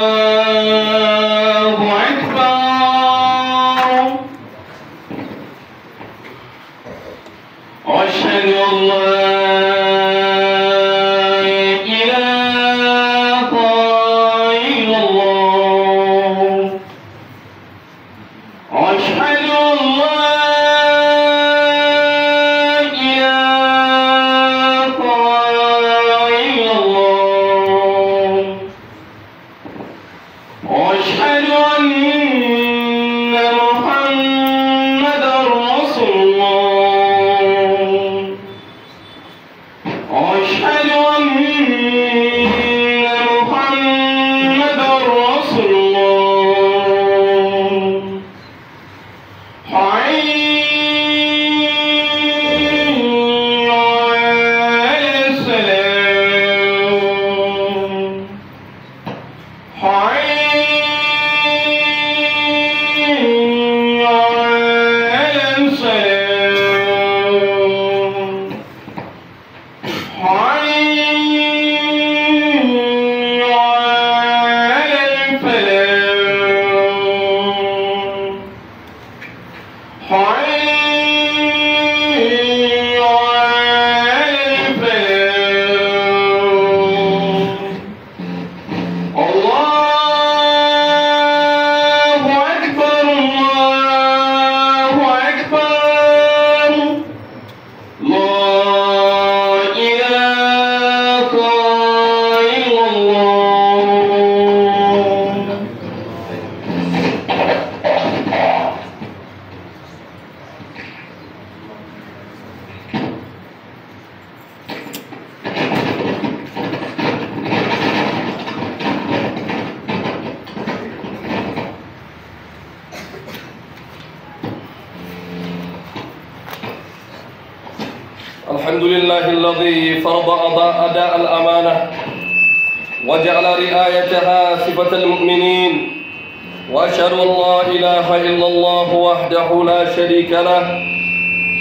Música ah. الحمد لله الذي فرض أداء, أداء الأمانة وجعل رعايتها صفة المؤمنين وأشهد أن لا إله إلا الله وحده لا شريك له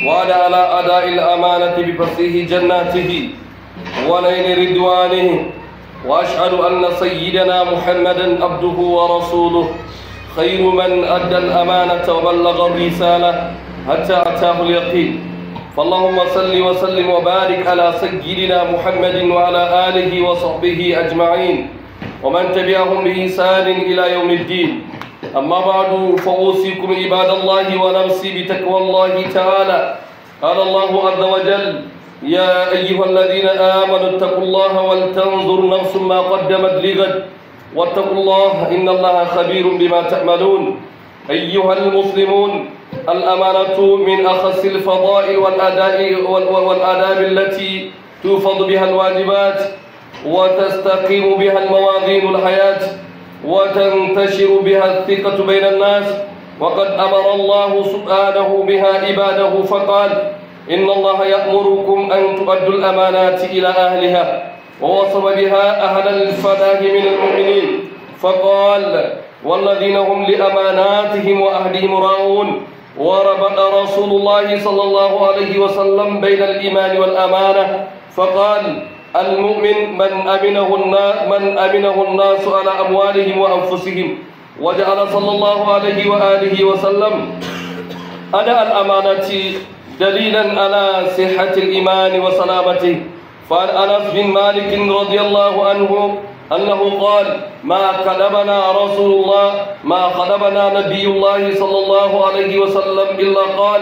وعلى على أداء الأمانة بفصيح جناته ونيل رضوانه وأشهد أن سيدنا محمدا عبده ورسوله خير من أدى الأمانة وبلغ الرسالة حتى أتاه اليقين فاللهم صل وسلم وبارك على سيدنا محمد وعلى آله وصحبه أجمعين ومن تبعهم بإحسان إلى يوم الدين أما بعد فأوصيكم عباد الله ونفسي بتقوى الله تعالى قال الله عز وجل يا أيها الذين آمنوا اتقوا الله ولتنظر نفس ما قدمت لغد واتقوا الله إن الله خبير بما تعملون أيها المسلمون الأمانة من أخص الفضائل والأداء والآداب التي توفض بها الواجبات وتستقيم بها الموازين الحياة وتنتشر بها الثقة بين الناس وقد أمر الله سبحانه بها عباده فقال إن الله يأمركم أن تؤدوا الأمانات إلى أهلها ووصف بها أهل الفلاح من المؤمنين فقال والذين هم لأماناتهم وأهلهم راعون وربط رسول الله صلى الله عليه وسلم بين الإيمان والأمانة فقال المؤمن من أمنه الناس من أمنه الناس على أموالهم وأنفسهم وجعل صلى الله عليه وآله وسلم أداء الأمانة دليلا على صحة الإيمان وسلامته فعن أنس بن مالك رضي الله عنه أنه قال ما خدمنا رسول الله ما خدمنا نبي الله صلى الله عليه وسلم إلا قال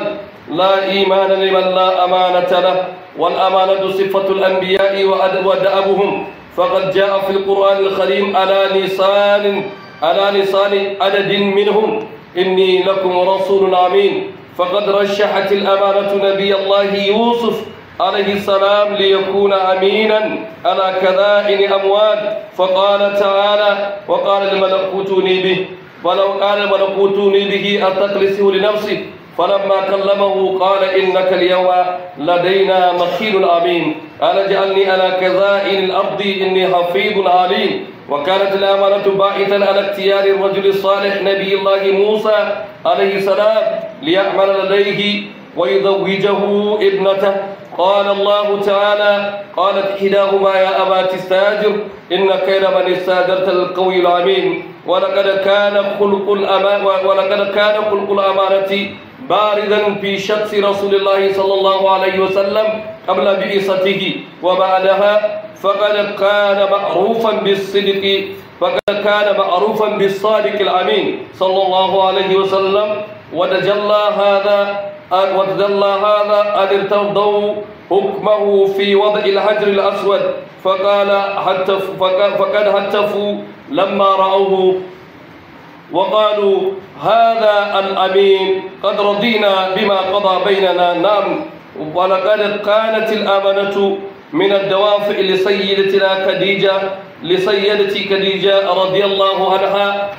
لا إيمان لمن لا أمانة له والأمانة صفة الأنبياء ودأبهم فقد جاء في القرآن الكريم على لسان على لسان عدد منهم إني لكم رسول أمين فقد رشحت الأمانة نبي الله يوسف عليه السلام ليكون أمينا على كذائن أموال فقال تعالى وقال الملكوتوني به ولو قال الملكوتوني به أتقلسه لنفسه فلما كلمه قال إنك اليوم لدينا مخيل أمين أنا جعلني على كذائن الأرض إني حفيظ عليم وكانت الأمانة باعثا على اختيار الرجل الصالح نبي الله موسى عليه السلام ليعمل لديه ويزوجه ابنته قال الله تعالى قالت إحداهما يا أبا تستاجر إن كيد من استاجرت القوي الأمين ولقد كان خلق الأمانة ولقد كان خلق الأمانة باردا في شخص رسول الله صلى الله عليه وسلم قبل بعثته وبعدها فقد كان معروفا بالصدق فقد كان معروفا بالصادق الأمين صلى الله عليه وسلم وتجلى هذا وتجلى هذا أن ارتضوا حكمه في وضع الحجر الأسود فقال هتف فقد هتفوا لما رأوه وقالوا هذا الأمين قد رضينا بما قضى بيننا نعم ولقد كانت الأمانة من الدوافع لسيدتنا خديجة لسيدتي خديجة رضي الله عنها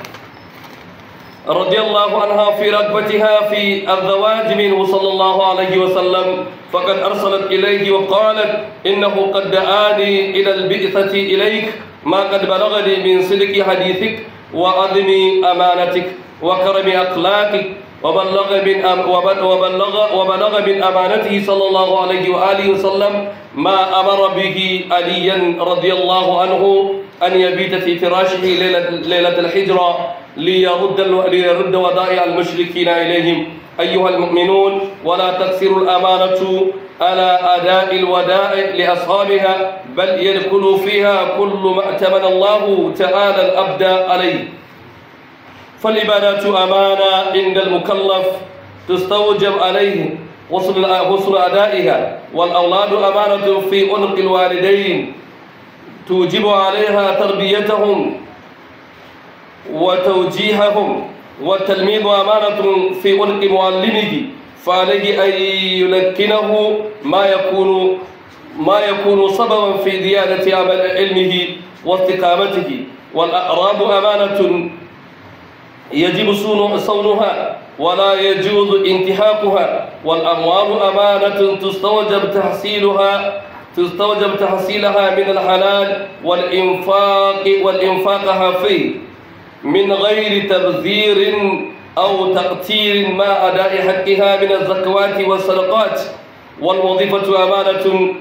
رضي الله عنها في رغبتها في الزواج منه صلى الله عليه وسلم فقد أرسلت إليه وقالت إنه قد دعاني إلى البئثة إليك ما قد بلغني من صدق حديثك وعظم أمانتك وكرم أخلاقك وبلغ من وبلغ وبلغ من امانته صلى الله عليه واله وسلم ما امر به عليا رضي الله عنه ان يبيت في فراشه ليله ليله الحجره ليرد ليرد ودائع المشركين اليهم ايها المؤمنون ولا تكسر الامانه على اداء الودائع لاصحابها بل يدخل فيها كل ما ائتمن الله تعالى الابد عليه فالعبادات أمانة عند المكلف تستوجب عليه غسل غسل أدائها والأولاد أمانة في عنق الوالدين توجب عليها تربيتهم وتوجيههم والتلميذ أمانة في عنق معلمه فعليه أن يلكنه ما يكون ما يكون سببا في زيادة علمه واستقامته والأعراب أمانة يجب صونها ولا يجوز انتهاكها والأموال أمانة تستوجب تحصيلها تستوجب تحصيلها من الحلال والإنفاق والإنفاقها فيه من غير تبذير أو تقتير ما أداء حقها من الزكوات والصدقات والوظيفة أمانة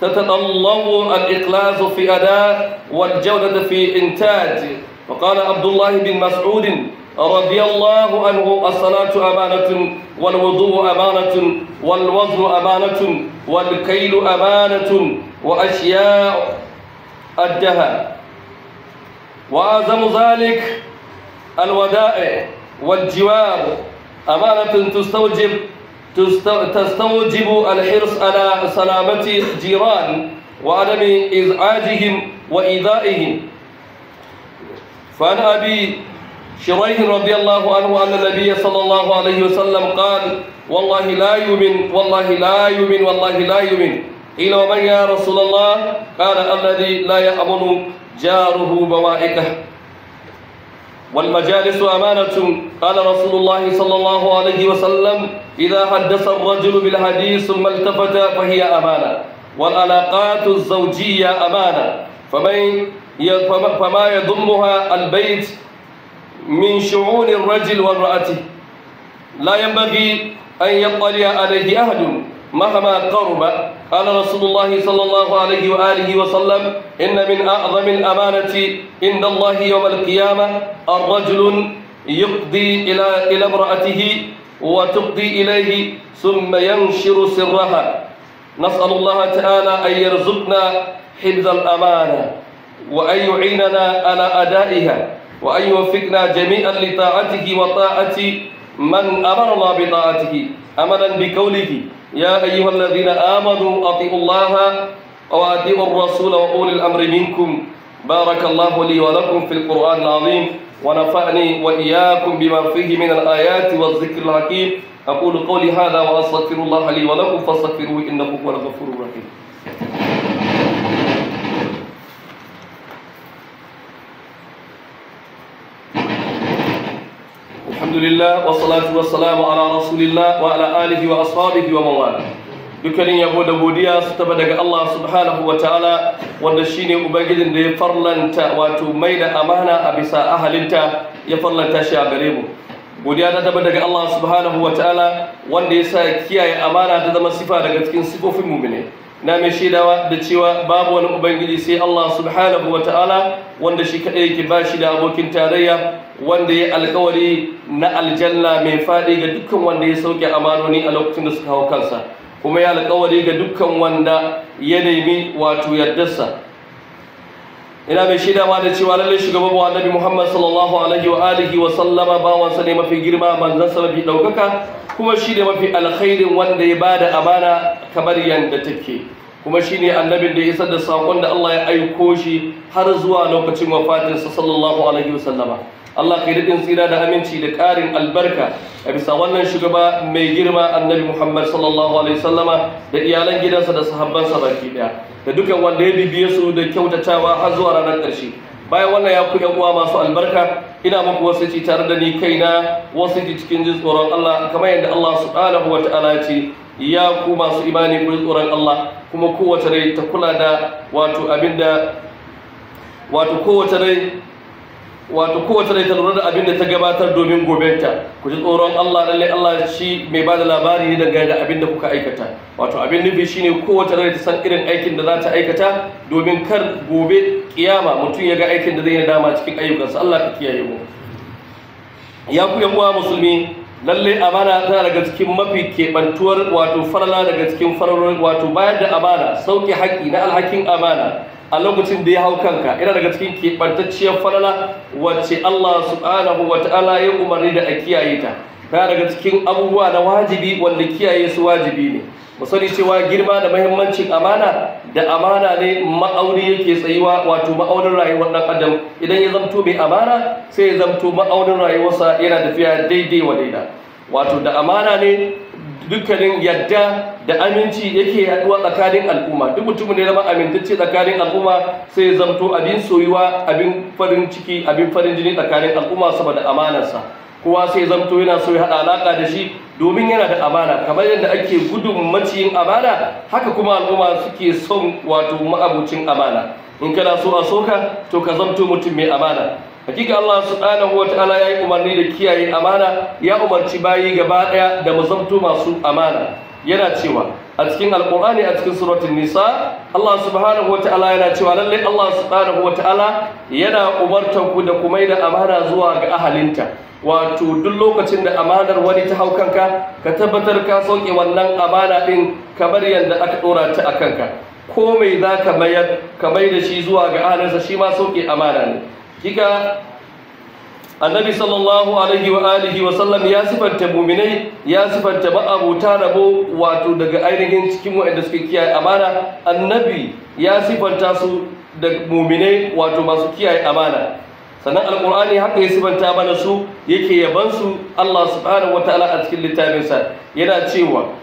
تتطلب الإخلاص في أداء والجودة في إنتاج وقال عبد الله بن مسعود رضي الله عنه الصلاة أمانة والوضوء أمانة والوزن أمانة والكيل أمانة وأشياء أدها وأعظم ذلك الودائع والجوار أمانة تستوجب تستوجب الحرص على سلامة الجيران وعدم إزعاجهم وإيذائهم فعن أبي شريح رضي الله عنه أن النبي صلى الله عليه وسلم قال والله لا يؤمن والله لا يؤمن والله لا يؤمن إلى من يا رسول الله قال الذي لا يأمن جاره بوائكه والمجالس أمانة قال رسول الله صلى الله عليه وسلم إذا حدث الرجل بالحديث ثم التفت فهي أمانة والعلاقات الزوجية أمانة فمن فما يضمها البيت من شعون الرجل وامرأته لا ينبغي أن يطلع عليه أحد مهما قرب قال رسول الله صلى الله عليه وآله وسلم إن من أعظم الأمانة عند الله يوم القيامة الرجل يقضي إلى إلى امرأته وتقضي إليه ثم ينشر سرها نسأل الله تعالى أن يرزقنا حفظ الأمانة وأن يعيننا على أدائها وأن يوفقنا جميعا لطاعته وطاعة من أمرنا بطاعته أملا بقوله يا أيها الذين آمنوا أطيعوا الله وأطيعوا الرسول وأولي الأمر منكم بارك الله لي ولكم في القرآن العظيم ونفعني وإياكم بما فيه من الآيات والذكر الحكيم أقول قولي هذا وأستغفر الله لي ولكم فاستغفروه إنه هو الغفور الرحيم alhamdulillah wassalatu wassalamu ala rasulillah wa ala alihi wa ashabihi wa man dukkanin yabo da godiya su taba daga Allah subhanahu wa ta'ala wanda shine ubangijin da ya farlanta wato mai da amana a bisa ahalinta ya farlanta shi a gare mu godiya ta taba daga Allah subhanahu wa ta'ala wanda ya sa kiyaye amana ta zama sifa daga cikin sifofin mu'mini na mai shaidawa da cewa babu wani ubangiji sai Allah subhanahu wa ta'ala wanda shi kaɗai yake ba shi da abokin tarayya wanda ya alkawari na aljanna mai faɗi ga dukkan wanda ya sauke amanoni a lokacin da suka hau kansa kuma ya alkawari ga dukkan wanda ya nemi wato yardarsa ina mai shaidawa da cewa lallai shugaban mu annabi Muhammad sallallahu alaihi wa alihi wa sallama bawansa ne mafi girma manzon sa mafi daukaka kuma shi ne mafi alkhairin wanda ya bada amana kamar yanda take kuma shi ne annabin da ya isar da sakon da Allah ya aiko shi har zuwa lokacin wafatinsa sallallahu alaihi wa sallama Allah kai daɗin tsira da aminci da ƙarin albarka a bisa wannan shugaba mai girma annabi Muhammad sallallahu alaihi sallama da iyalan gidansa da sahabbansa baki ɗaya. da dukan wanda ya bibiye su da kyautatawa har zuwa ranar ƙarshe bayan wannan ya ku yan uwa masu albarka ina muku wasu ci tare da ni kaina wasu ji cikin jin tsoron Allah kamar yadda Allah subhanahu wa ta'ala ya ce ya ku masu imani ku tsoron Allah kuma kowace rai ta kula da wato abinda wato kowace rai wato kowace rai ta lura da abin da ta gabatar domin gobenta ku ji tsoron Allah lalle Allah shi mai bada labari ne dangane da abin da kuka aikata wato abin nufi shine kowace rai ta san irin aikin da za ta aikata domin kar gobe kiyama mutum ya ga aikin da zai yi dama cikin ayyukansa Allah ka kiyaye mu ya ku yan uwa musulmi lalle amana tana daga cikin mafi kebantuwar wato farala daga cikin faralolin wato bayar da amana sauke haƙi na alhakin amana a lokacin da ya hau kanka yana daga cikin keɓantacciyar falala wacce Allah subhanahu wa ta'ala ya umarni da a kiyaye ta ta daga cikin abubuwa na wajibi wanda kiyaye su wajibi ne mu sani cewa girma da mahimmancin amana da amana ne ma'auni yake tsayuwa wato ma'aunin rayuwar ɗan adam idan ya zamto mai amana sai ya zamto ma'aunin rayuwarsa yana tafiya daidai wa daida wato da amana ne dukkanin yadda da aminci yake haɗuwa tsakanin al'umma duk mutumin da ya zama amintacce tsakanin al'umma sai ya zamto abin soyuwa abin farin ciki abin farin jini tsakanin al'umma saboda amanarsa kowa sai ya zamto yana so ya haɗa alaƙa da shi domin yana da amana kamar yadda ake gudun maciyin amana haka kuma al'umma suke son wato ma'abucin amana in kana so a soka to ka zamto mutum mai amana hakika Allah subhanahu wa ta'ala ya yi umarni da kiyaye amana ya umarci bayi gaba daya da mazamto masu amana yana cewa a cikin alkur'ani a cikin suratul nisa Allah subhanahu wa ta'ala yana cewa lalle Allah subhanahu wa ta'ala yana umartar ku da kuma da amana zuwa ga ahalinta wato duk lokacin da amanar wani ta haukanka, ka tabbatar ka sauke wannan amana din kamar yadda aka dora ta a kanka ko mai za ka mayar ka bai da shi zuwa ga ahalinsa shi ma sauke amana ne kika annabi sallallahu alaihi wa alihi wa sallam ya sifanta muminai ya sifanta ma'abuta rabo wato daga ainihin cikin waɗanda suke kiyaye amana annabi ya sifanta su da muminai wato masu kiyaye amana sannan alkur'ani haka ya sifanta mana su yake su Allah subhanahu wataala a cikin littafinsa yana cewa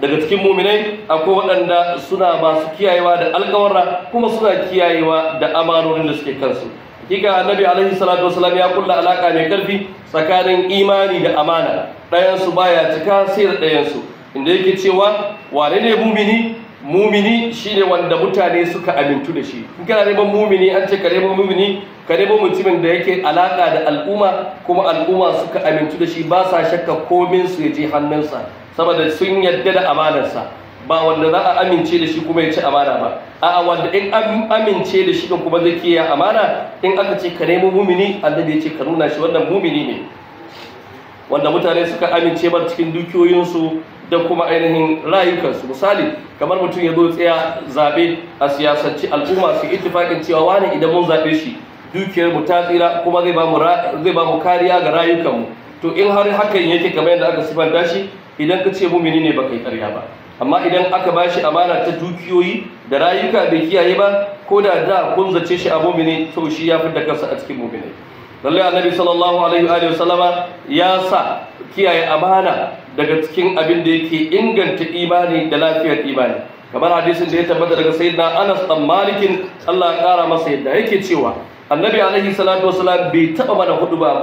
daga cikin muminai akwai waɗanda suna masu kiyayewa da alkawarra kuma suna kiyayewa da amanonin da suke kansu Kika annabi alaihi salatu wasalam ya kulla alaka mai karfi tsakanin imani da amana Ɗayansu su baya cika sai da ɗayan su inda yake cewa wane ne mumini mumini shine wanda mutane suka amintu da shi in kana neman mumini an ce ka neman mumini ka neman mutumin da yake alaka da al'umma kuma al'umma suka amintu da shi ba sa shakka komin su ya je hannunsa saboda sun yadda da amanarsa ba wanda za a amince da shi kuma ya ci amana ba a wanda in amince da shi din kuma zai kiyaye amana in aka ce ka nemo mumini annabi ya ce ka nuna shi wannan mumini ne wanda mutane suka amince ba cikin dukiyoyinsu da kuma ainihin rayukansu misali kamar mutum ya zo tsaya zaɓe a siyasance al'umma su ittifaƙin cewa wani idan mun zaɓe shi dukiyar mu ta tsira kuma zai ba mu kariya ga rayukanmu to in har hakan yake kamar yadda aka sifanta shi idan ka ce mumini ne baka yi ƙarya ba amma idan aka ba shi amana ta dukiyoyi da rayuka bai kiyaye ba ko da da kun zace shi a mumini to shi ya fi da kansa a cikin mumini lallai annabi sallallahu alaihi wa wasallama ya sa kiyaye amana daga cikin abin da yake inganta imani da lafiyar imani kamar hadisin da ya tabbata daga sayyidina Anas dan Malik Allah ya kara masa yadda yake cewa annabi alaihi salatu wasallam bai taba mana hudu ba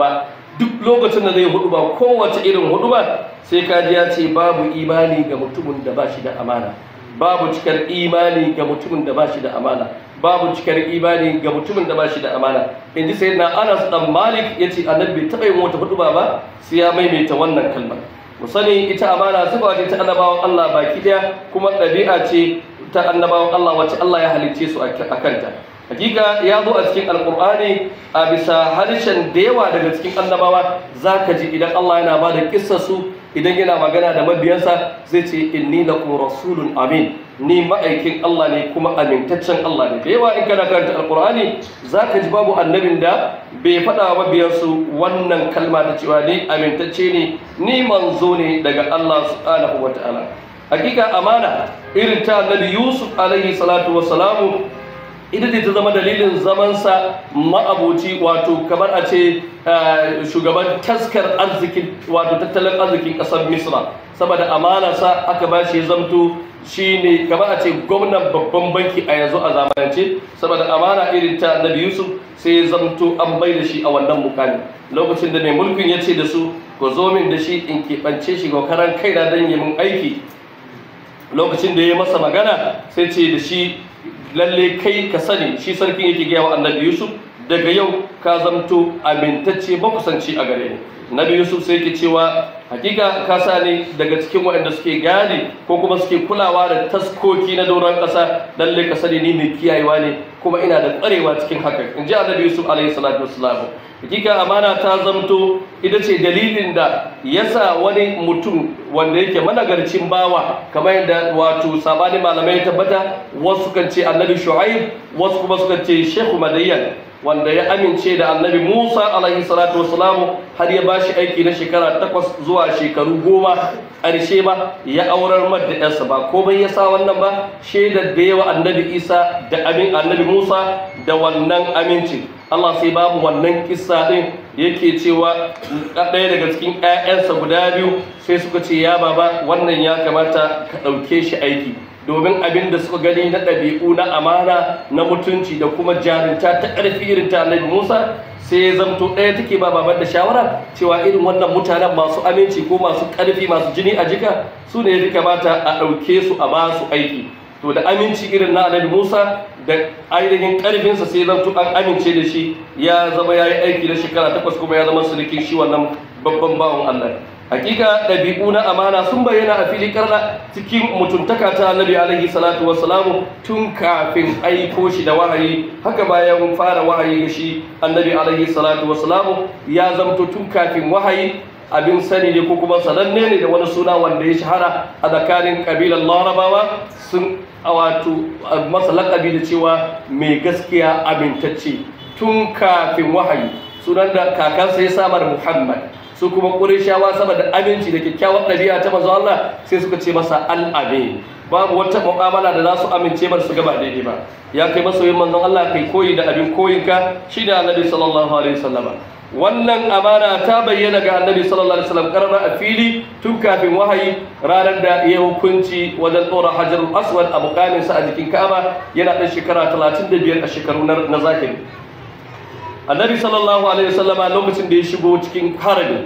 duk lokacin da zai hudu ba kowace irin hudu ba sai kaji ya ce babu imani ga mutumin da ba shi da amana babu cikar imani ga mutumin da ba shi da amana babu cikar imani ga mutumin da ba shi da amana in ji sai na anas dan malik ya ce annabi taɓa yin wata hudu ba sai ya maimaita wannan kalmar mu sani ita amana zuba ce ta annabawan allah baki daya kuma ɗabi'a ce ta annabawan allah wacce allah ya halicce su a kanta hakika ya zo a cikin alkur'ani a bisa harshen da yawa daga cikin annabawa za ka ji idan Allah yana ba da kissarsu idan yana magana da mabiyansa zai ce inni ku rasulun amin ni ma'aikin Allah ne kuma amintaccen Allah ne da yawa in kana karanta alkur'ani za ka ji babu annabin da bai faɗa mabiyansu wannan kalma ta cewa ni amintacce ne ni manzo ne daga Allah subhanahu wa ta'ala hakika amana irin ta annabi Yusuf alaihi salatu wa ita ce ta zama dalilin zamansa ma'abuci wato kamar a ce eh, shugaban taskar arzikin wato tattalin arzikin ƙasar misra saboda amana sa aka ba shi zamto shi kamar a ce gwamnan babban banki a yanzu a zamanance saboda amana irin ta nabi yusuf sai ya zamto an bai da shi a wannan mukami lokacin da mai mulkin ya ce da su ku zo min da shi in keɓance shi ga karan kaina don yi min aiki lokacin da ya masa magana sai ce da shi lalle kai ka sani shi sarkin yake gaya wa annabi yusuf daga yau ka zamto amintacce makusanci a gare ni nabi yusuf sai ke cewa hakika kasa ne daga cikin waɗanda suke gane ko kuma suke kulawa da taskoki na doron ƙasa lalle ka sani ni mai kiyayewa ne kuma ina da ƙwarewa cikin haka in ji annabi yusuf alaihi salatu wassalam hakika amana ta zamto ita ce dalilin da yasa wani mutum wanda yake managarcin bawa kamar yadda wato sabanin malamai tabbata wasu kan ce annabi shu'aib wasu kuma kan ce shehu madayyan wanda ya amince da annabi musa alaihi salatu wasalamu har ya bashi aiki na shekara takwas zuwa shekaru goma ƙarshe ba ya aurar madda yarsa ba ko bai ya sa wannan ba shaidar da yawa annabi isa da amin annabi musa da wannan amincin allah sai babu wannan kissa ɗin yake cewa ɗaya daga cikin 'ya'yansa guda biyu sai suka ce ya baba wannan ya kamata ka ɗauke shi aiki domin abin da suka gani na ɗabi'u na amana na mutunci da kuma jarinta ta ƙarfi irin ta annabi musa sai ya zamto ɗaya take ba babar da shawara cewa irin wannan mutanen masu aminci ko masu ƙarfi masu jini a jika su ne ya kamata a ɗauke su a ba su aiki to da aminci irin na annabi musa da ainihin ƙarfinsa sai zamto an amince da shi ya zama ya yi aiki na shekara takwas kuma ya zama sulikin shi wannan babban bawan allah hakika ɗabi'u na amana sun bayyana a fili karna cikin mutuntaka ta annabi alaihi salatu wassalamu tun kafin aiko shi da wahayi haka bayan fara wahayi ga shi annabi alaihi salatu wassalamu ya zamto tun kafin wahayi abin sani ne ko kuma sananne ne da wani suna wanda ya shahara a tsakanin kabilan larabawa sun wato masa da cewa mai gaskiya amintacce tun kafin wahayi sunan da kakansa ya samar muhammad su kuma ƙurishawa da aminci da kyakkyawar ɗabi'a ta mazu Allah sai suka ce masa al'abe babu wata mu'amala da za su amince ba su gaba daidai ba ya kai masoyin manzon Allah kai koyi da abin koyinka shi da annabi sallallahu alaihi wasallama wannan amana ta bayyana ga annabi sallallahu alaihi wasallam karama a fili tun kafin wahayi ranar da ya hukunci wajen tsora hajarul aswad a mukamin sa a jikin ka'aba yana ɗan shekara da biyar a shekaru na zakiri annabi sallallahu alaihi wasallama lokacin da ya shigo cikin harami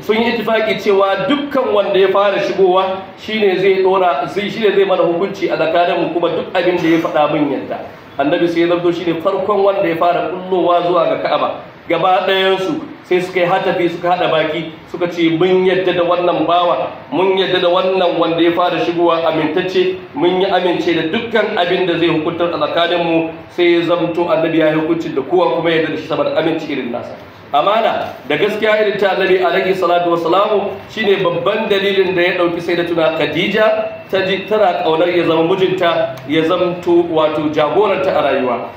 sun yi itifaki cewa dukkan wanda ya fara shigowa shine zai dora zai shine zai mana hukunci a mu kuma duk abin da ya faɗa min yadda annabi sai ya zarto shine farkon wanda ya fara kullowa zuwa ga ka'aba gaba ɗayansu sai suka yi hatafi suka haɗa baki suka ce mun yadda da wannan bawa mun yadda da wannan wanda ya fara shigowa amintacce mun yi amince da dukkan abin da zai hukuntar a tsakaninmu sai ya zamto annabi ya hukunci da kowa kuma yadda da shi saboda amince irin nasa amana da gaskiya irin ta annabi alaihi salatu shi shine babban dalilin da ya ɗauki sai da tuna khadija ta ji tana ƙaunar ya zama mijinta ya zamto wato jagoranta a rayuwa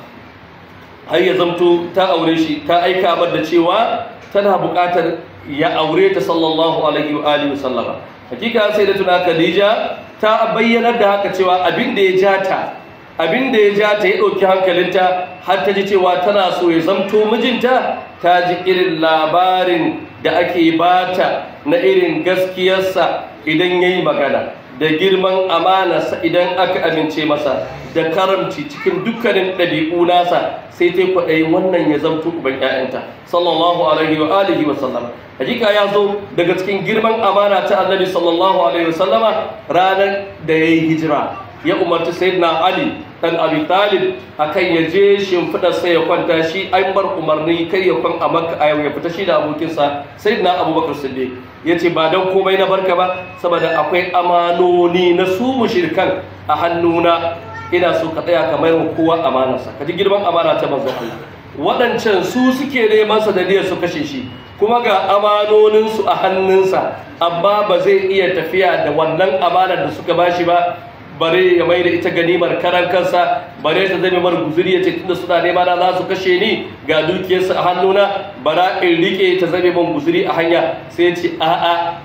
har ya zamto ta aure shi ta aika bar da cewa tana buƙatar ya aure ta sallallahu alaihi wa alihi wa sallama hakika sai da tuna Khadija ta bayyanar da haka cewa abin da ya ja abin da ya ja ta ya ɗauki hankalinta har ta ji cewa tana so ya zamto mijinta ta ji irin labarin da ake bata na irin gaskiyarsa idan yayi magana da girman amanarsa idan aka amince masa da karamci cikin dukkanin ɗabi'u nasa sai ta kwaɗayi wannan ya zamto uban 'ya'yanta. sallallahu alaihi wa alihi wa sallam hakika ya zo daga cikin girman amana ta annabi sallallahu alaihi wa sallama ranar da ya yi hijira ya umarci sayyidina ali dan abi talib akan ya je shimfiɗa sai ya kwanta shi an bar umarni kai ya kwan a makka a yau ya fita shi da abokinsa sai na abubakar siddiq ya ce ba don komai na barka ba saboda akwai amanoni na su mushrikan a hannuna ina so ka tsaya kamar kowa amanarsa ka ji girman amana ta manzon Allah waɗancan su suke neman sa da su kashe shi kuma ga amanoninsu a hannunsa amma ba zai iya tafiya da wannan amanar da suka bashi ba bare ya mai da ita ganimar karan kansa bare ta zame mara guzuri ya ce tunda suna nema na za su kashe ni ga dukiyarsu a hannuna bara in rike ta zame man guzuri a hanya sai ya ce a'a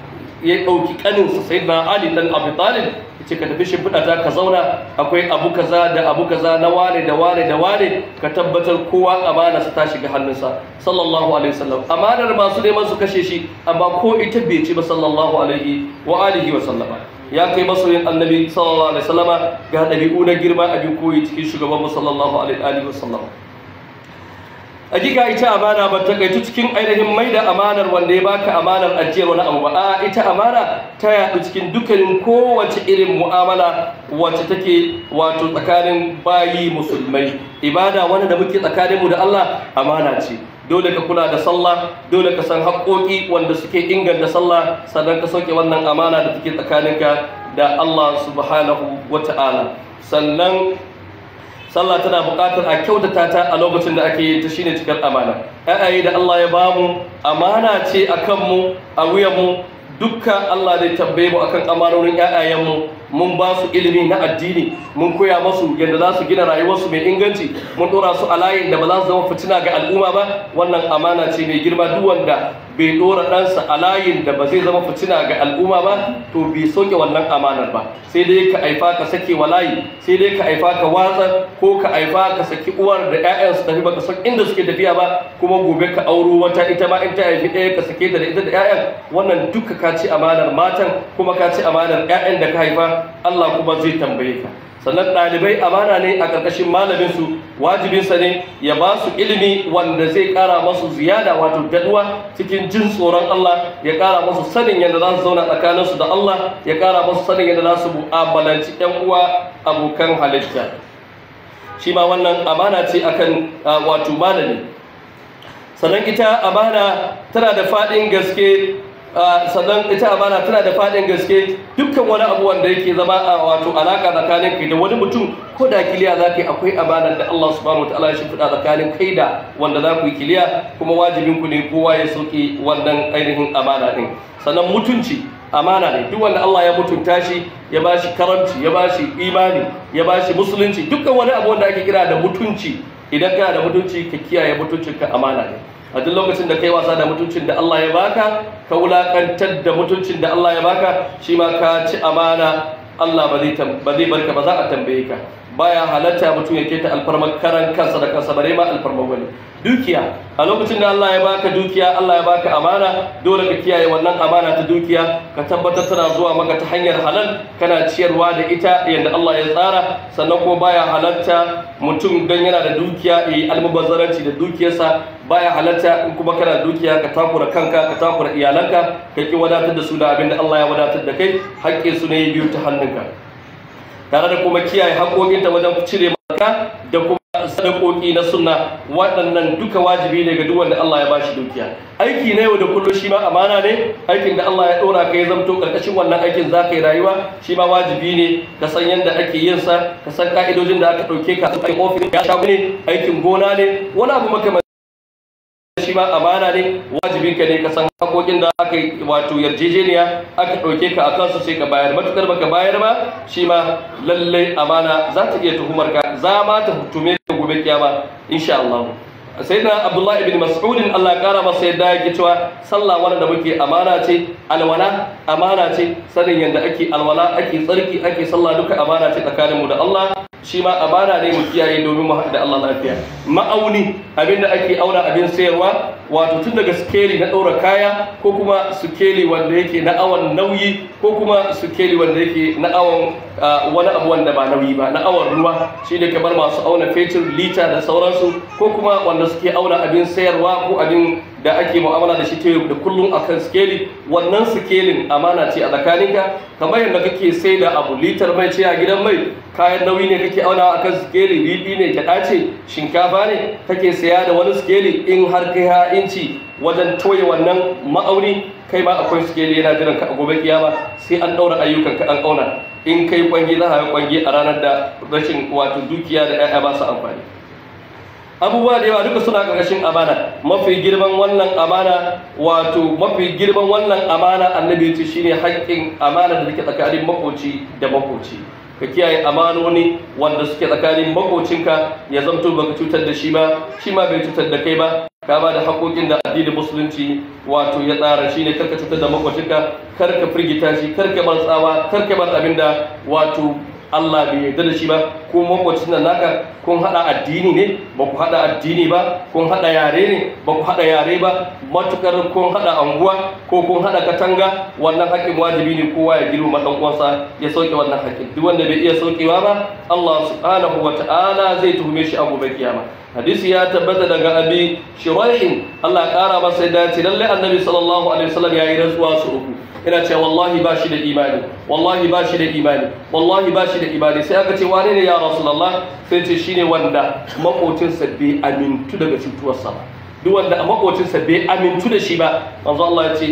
ya ɗauki ƙaninsa sai na ali dan abu talib ya ce ka tafi shimfiɗa ta ka zauna akwai abu kaza da abu kaza na ware da ware da ware. ka tabbatar kowa amana su ta shiga hannunsa sallallahu alaihi wasallam amanar masu neman su kashe shi amma ko ita bai ci ba sallallahu alaihi wa alihi wa sallama ya kai masoyin annabi sallallahu alaihi wasallama ga dabi'u na girma a abin koyi cikin shugaban sallallahu alaihi wasallama giga ita amana ba ta kaitu cikin ainihin mai da amanar wanda ya baka amanar ajiyar wani abu ba a ita amana ta yaɗu cikin dukkanin kowace irin mu'amala wacce take wato tsakanin bayi musulmai ibada wanda da muke tsakaninmu da Allah amana ce dole ka kula da sallah dole ka san haƙoƙi wanda suke inganta sallah sannan ka sauke wannan amana da take tsakaninka da Allah subhanahu wata'ala sannan sallah tana buƙatar a kyautata ta a lokacin da ake yi ta shine cikar amana ayaye da Allah ya bamu amana ce akan mu a wuyan mu Dukka Allah zai tambaye mu akan amanonin mu, mun ba su ilimi na addini mun koya musu yadda za su gina rayuwarsu mai inganci mun dora su a layin da ba za su zama fitina ga al'umma ba wannan amana ce mai girma duk wanda bai dora ɗansa a layin da ba zai zama fitina ga al'umma ba to bai soke wannan amanar ba sai dai ka aifa ka sake wa layi sai dai ka aifa ka watsa ko ka aifa ka saki uwar da ƴaƴan su tafi baka san inda suke tafiya ba kuma gobe ka auro wata ita ma in ta haifi ɗaya ka sake ta da ita da ƴaƴan wannan duka ka ci amanar matan kuma ka ci amanar ƴaƴan da ka haifa Allah kuma zai tambaye ka sannan ɗalibai amana ne a ƙarƙashin malaminsu wajibinsa ne ya ba su ilimi wanda zai ƙara masu ziyada wato daɗuwa cikin jin tsoron Allah ya ƙara masu sanin yadda za su zauna tsakaninsu da Allah ya ƙara masu sanin yadda za su mu'amalanci ƴan uwa abokan halitta shi ma wannan amana ce akan wato malami sannan ita amana tana da faɗin gaske Ah, sannan ita amana tana da faɗin gaske dukkan wani abu wanda yake zama a ah, wato alaka tsakanin kai da wani mutum ko da kiliya za ka yi akwai amanar da Allah subhanahu wataala ya shimfiɗa tsakanin kai da wanda za ku yi kiliya kuma wajibin ku ne kowa ya sauke wannan ainihin amana ɗin sannan mutunci amana ne duk wanda Allah ya mutunta shi ya ba shi karamci ya ba shi imani ya ba shi musulunci dukkan wani abu wanda ake kira da mutunci idan kana da mutunci ka kiyaye mutuncinka amana ne a duk lokacin da kai wasa da mutuncin da Allah ya baka ka wulakantar da mutuncin da Allah ya baka shi ma ka ci amana Allah ba zai barka ba za a tambaye ka baya halatta mutum ya keta alfarmar karan kansa da kansa bare ma alfarmar wani dukiya a lokacin da Allah ya baka dukiya Allah ya baka amana dole ka kiyaye wannan amana ta dukiya ka tabbatar tana zuwa maka ta hanyar halal kana ciyarwa da ita yadda Allah ya tsara sannan kuma baya halatta mutum don yana da dukiya ya eh, yi almubazzaranci da dukiyarsa baya halarta in kuma kana dukiya ka takura kanka ka takura iyalanka ka ki wadatar da su da abin da Allah ya wadatar da kai haƙƙin su ne biyu ta hannunka tare da kuma kiyaye haƙoƙinta wajen cire maka da kuma sadakoki na sunna waɗannan duka wajibi ne ga duwanda da Allah ya bashi dukiya aiki na yau da kullum shi ma amana ne aikin da Allah ya ɗora ka ya zamto ƙarƙashin wannan aikin za ka yi rayuwa shi ma wajibi ne ka san yadda ake yin sa ka san ka'idojin da aka ɗauke ka aikin ofis ya shafi ne aikin gona ne wani abu makamai shi ma amana ne wajibin ka ne ka san hakokin da aka yi wato yarjejeniya aka ɗauke ka a kansu sai ka bayar matukar baka bayar ba shi ma lallai amana za ta iya tuhumar ka za ma ta tume gobe kiyama insha Allah sayyidina abdullah ibn mas'ud Allah kara masa yadda yake cewa sallah wanda da muke amana ce alwala amana ce sanin yanda ake alwala ake tsarki ake sallah duka amana ce tsakanin mu da Allah shi ma amana ne mu kiyaye domin mu haɗu da Allah lafiya ma'auni abinda ake auna abin sayarwa wato tun daga sukeli na ɗaura kaya ko kuma sukeli wanda yake na awon nauyi ko kuma sukeli wanda yake na awon ah, wani abu wanda ba nauyi ba na awon ruwa shi ne kamar masu auna fetur lita da sauransu ko kuma wanda suke auna abin sayarwa ko abin da ake mu'amala da shi ta yau da kullum akan skeli wannan sikelin amana ce a tsakaninka kamar yadda kake sai da abu litar mai ce a gidan mai kayan nauyi ne kake auna akan skeli bibi ne gyaɗa ce shinkafa ne kake saya da wani skeli in har kai ha inci wajen toye wannan ma'auni kai ma akwai skeli yana jiran ka a gobe kiyama sai an ɗaura ayyukan ka an auna in kai kwangi za a yi kwangi a ranar da rashin wato dukiya da 'ya'ya ba su amfani abubuwa da yawa duka suna ƙarƙashin amana mafi girman wannan amana wato mafi girman wannan amana annabi ce shine haƙƙin amana da take tsakanin makoci da makoci ka kiyaye amanoni wanda suke tsakanin makocinka ya zamto baka cutar da shi ba shi ma bai cutar da kai ba ka ba da haƙoƙin da addinin musulunci wato ya tsara shi ne karka cutar da makocinka karka firgita shi karka bar tsawa karka bar abin da wato Allah bai yarda da shi ba ko makwacin nan naka kun hada addini ne ba ku hada addini ba kun hada yare ne ba ku hada yare ba matukar kun hada anguwa ko kun hada katanga wannan haƙƙin wajibi ne kowa ya girma dan uwansa ya sauke wannan haƙƙin duk wanda bai iya saukewa ba Allah subhanahu wata'ala zai tuhume shi abu bai kiyama hadisi ya tabbata daga abi shirayhin Allah ya kara masa dace lalle annabi sallallahu alaihi wasallam yi rantsuwa su uku yana cewa wallahi ba shi da imani wallahi ba shi da imani wallahi ba shi da imani sai aka ce wane ne ya rasulullah sai ce shine wanda makocinsa bai amintu daga cutuwarsa ba duk wanda makocinsa bai amintu da shi ba manzo Allah ya ce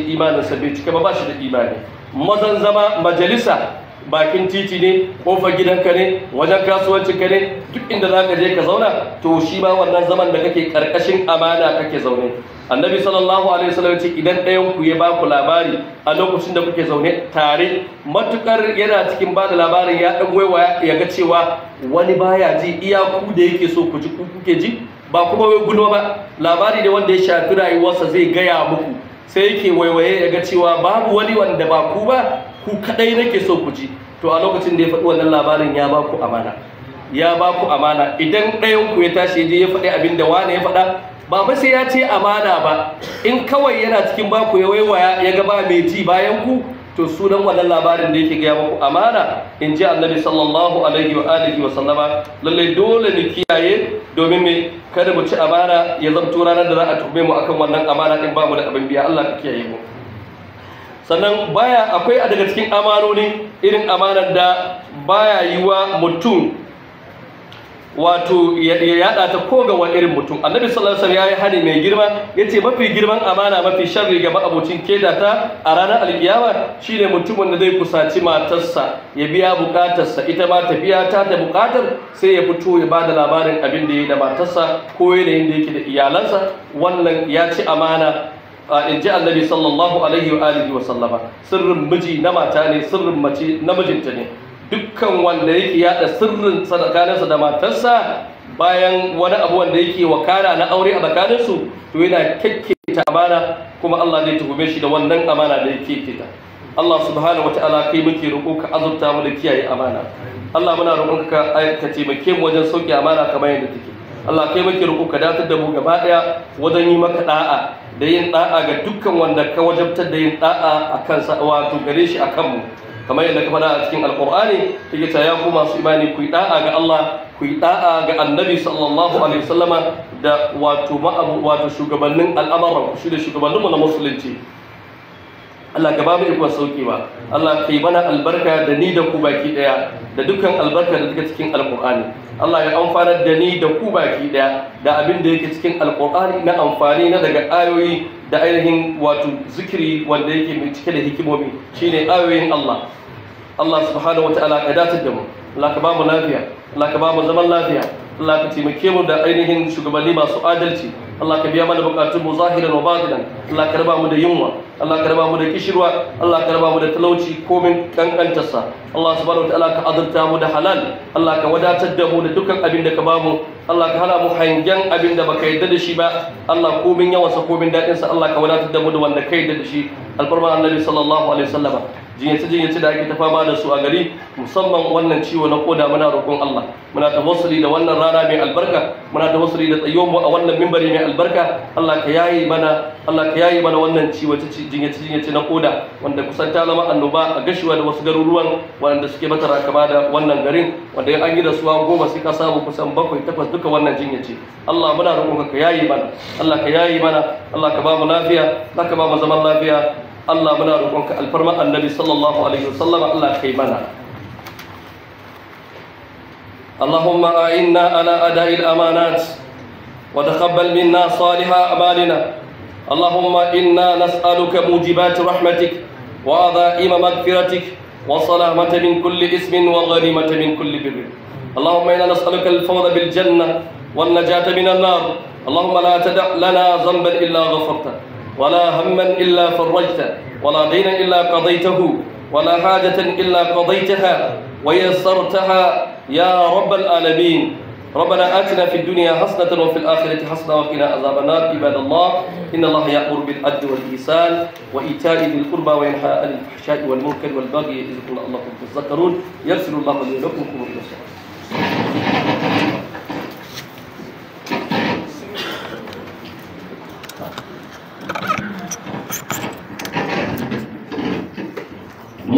sa bai cika ba ba shi da imani mazan zama majalisa bakin titi ne kofar gidanka ne wajen kasuwancin ka ne duk inda za ka je ka zauna to shi ba wannan zaman da kake karkashin amana kake zaune annabi sallallahu alaihi wasallam ce idan ɗayan ku ya baku labari a lokacin da kuke zaune tare matukar yana cikin ba da labarin ya dan waiwa ya ga cewa wani baya ji iya ku da yake so ku ji ku kuke ji ba kuma wai gulma ba labari da wanda ya shafi rayuwarsa zai gaya muku sai yake waiwaye ya ga cewa babu wani wanda ba ku ba ku kadai nake so ku ji to a lokacin da ya faɗi wannan labarin ya ba ku amana ya ba ku amana idan ɗayan ku ya tashi je ya faɗi abin da wane ya faɗa ba fa sai ya ce amana ba in kawai yana cikin baku ya waiwaya ya ga ba mai ji bayan ku to sunan wannan labarin da yake gaya muku amana in ji annabi sallallahu alaihi wa alihi wa sallama lalle dole ne kiyaye domin me kada mu ci amana ya zamto ranar da za a tube mu akan wannan amana din ba mu da abin biya Allah ka kiyaye mu sannan baya akwai a daga cikin amanoni irin amanar da baya yi wa mutum wato ya yada ta ko ga wani irin mutum annabi sallallahu alaihi wasallam yayi hani mai girma yace mafi girman amana mafi sharri ga abocin keda ta a ranar alkiyama shine mutumin da zai kusaci matarsa ya biya bukatarsa ita ma ta ta da bukatar sai ya fito ya bada labarin abin da yi da matarsa ko yanayin da yake da iyalansa wannan ya ci amana in ji annabi sallallahu alaihi wa alihi wa sallama sirrin miji na mata ne sirrin mace na mijinta ne dukkan wanda yake yada sirrin tsakaninsa da matarsa bayan wani abu wanda yake wakala na aure a tsakaninsu to yana kekketa amana kuma Allah zai tuhume shi da wannan amana da yake ta. Allah subhanahu ta'ala kai muke roƙo ka azurta mu da kiyaye amana Allah muna roƙon ka ka taimake mu wajen sauke amana kamar yadda take Allah kai muke roƙo ka datar da mu gaba daya wajen yi maka da'a da yin da'a ga dukkan wanda ka wajabtar da yin da'a a kansa wato gare shi a kanmu kamar yadda ka faɗa a cikin alkur'ani take ta ya ku masu imani ku yi da'a ga Allah ku yi da'a ga annabi sallallahu alaihi wasallama da wato shugabannin al'amuran shi da shugabanninmu na musulunci Allah ka babu ikon ba. Allah ka yi mana albarka da ni da ku baki daya da dukkan albarka da take cikin alkur'ani Allah ya amfana da ni da ku baki daya da abin da yake cikin alkur'ani na amfani na daga ayoyi da ainihin wato zikiri wanda yake mai cike da hikimomi shine ayoyin Allah Allah subhanahu wataala ka datar da mu Allah ka ba mu lafiya Allah ka ba mu zaman lafiya Allah ka taimake mu da ainihin shugabanni masu adalci Allah ka biya mana bukatun mu zahiran wa batinan Allah ka raba mu da yunwa Allah ka raba mu da kishirwa Allah ka raba mu da talauci komin kankantarsa Allah subhanahu wataala ka azurta mu da halal Allah ka wadatar da mu da dukkan abin da ka bamu Allah ka hana mu hangen abin da baka yarda da shi ba Allah komin yawansa komin daɗinsa Allah ka wadatar da mu da wanda ka yarda da shi alfarma annabi sallallahu alaihi wasallam jiyace-jiyace da ake ta fama da su a gari musamman wannan ciwo na koda muna roƙon Allah muna tawassuli da wannan rana mai albarka muna tawassuli da mu a wannan mimbari mai albarka Allah ka yayi mana Allah ka yayi mana wannan jiyace-jiyace na koda wanda kusan ta zama annoba a gashiwa da wasu garuruwan wanda suke mata rakaba da wannan garin wanda an yi da suwa goma sai ka samu kusan bakwai takwas duka wannan jinyace Allah muna roƙon ka yayi mana Allah ka yayi mana Allah ka ba mu lafiya Allah ka ba mu zaman lafiya الله بنا roƙonka الفرما النبي صلى الله عليه وسلم kai خيبنا اللهم أعنا على أداء الأمانات وتقبل منا صالح أعمالنا اللهم إنا نسألك موجبات رحمتك وعظائم مغفرتك وصلامة من كل اسم وغنيمة من كل بر اللهم إنا نسألك الفوز بالجنة والنجاة من النار اللهم لا تدع لنا ذنبا إلا غفرته ولا هما إلا فرجته ولا دينا إلا قضيته ولا حاجة إلا قضيتها ويسرتها يا رب العالمين ربنا آتنا في الدنيا حسنة وفي الآخرة حسنة وقنا عذاب النار عباد الله إن الله يأمر بالعدل والإحسان وإيتاء ذي القربى وينهى عن الفحشاء والمنكر والبغي يعظكم لعلكم تذكرون يغفر الله لكم ولكم إلى الصلاة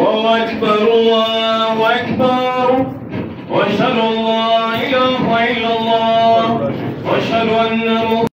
الله أكبر الله أكبر وأشهد أن إله إلا الله وأشهد أن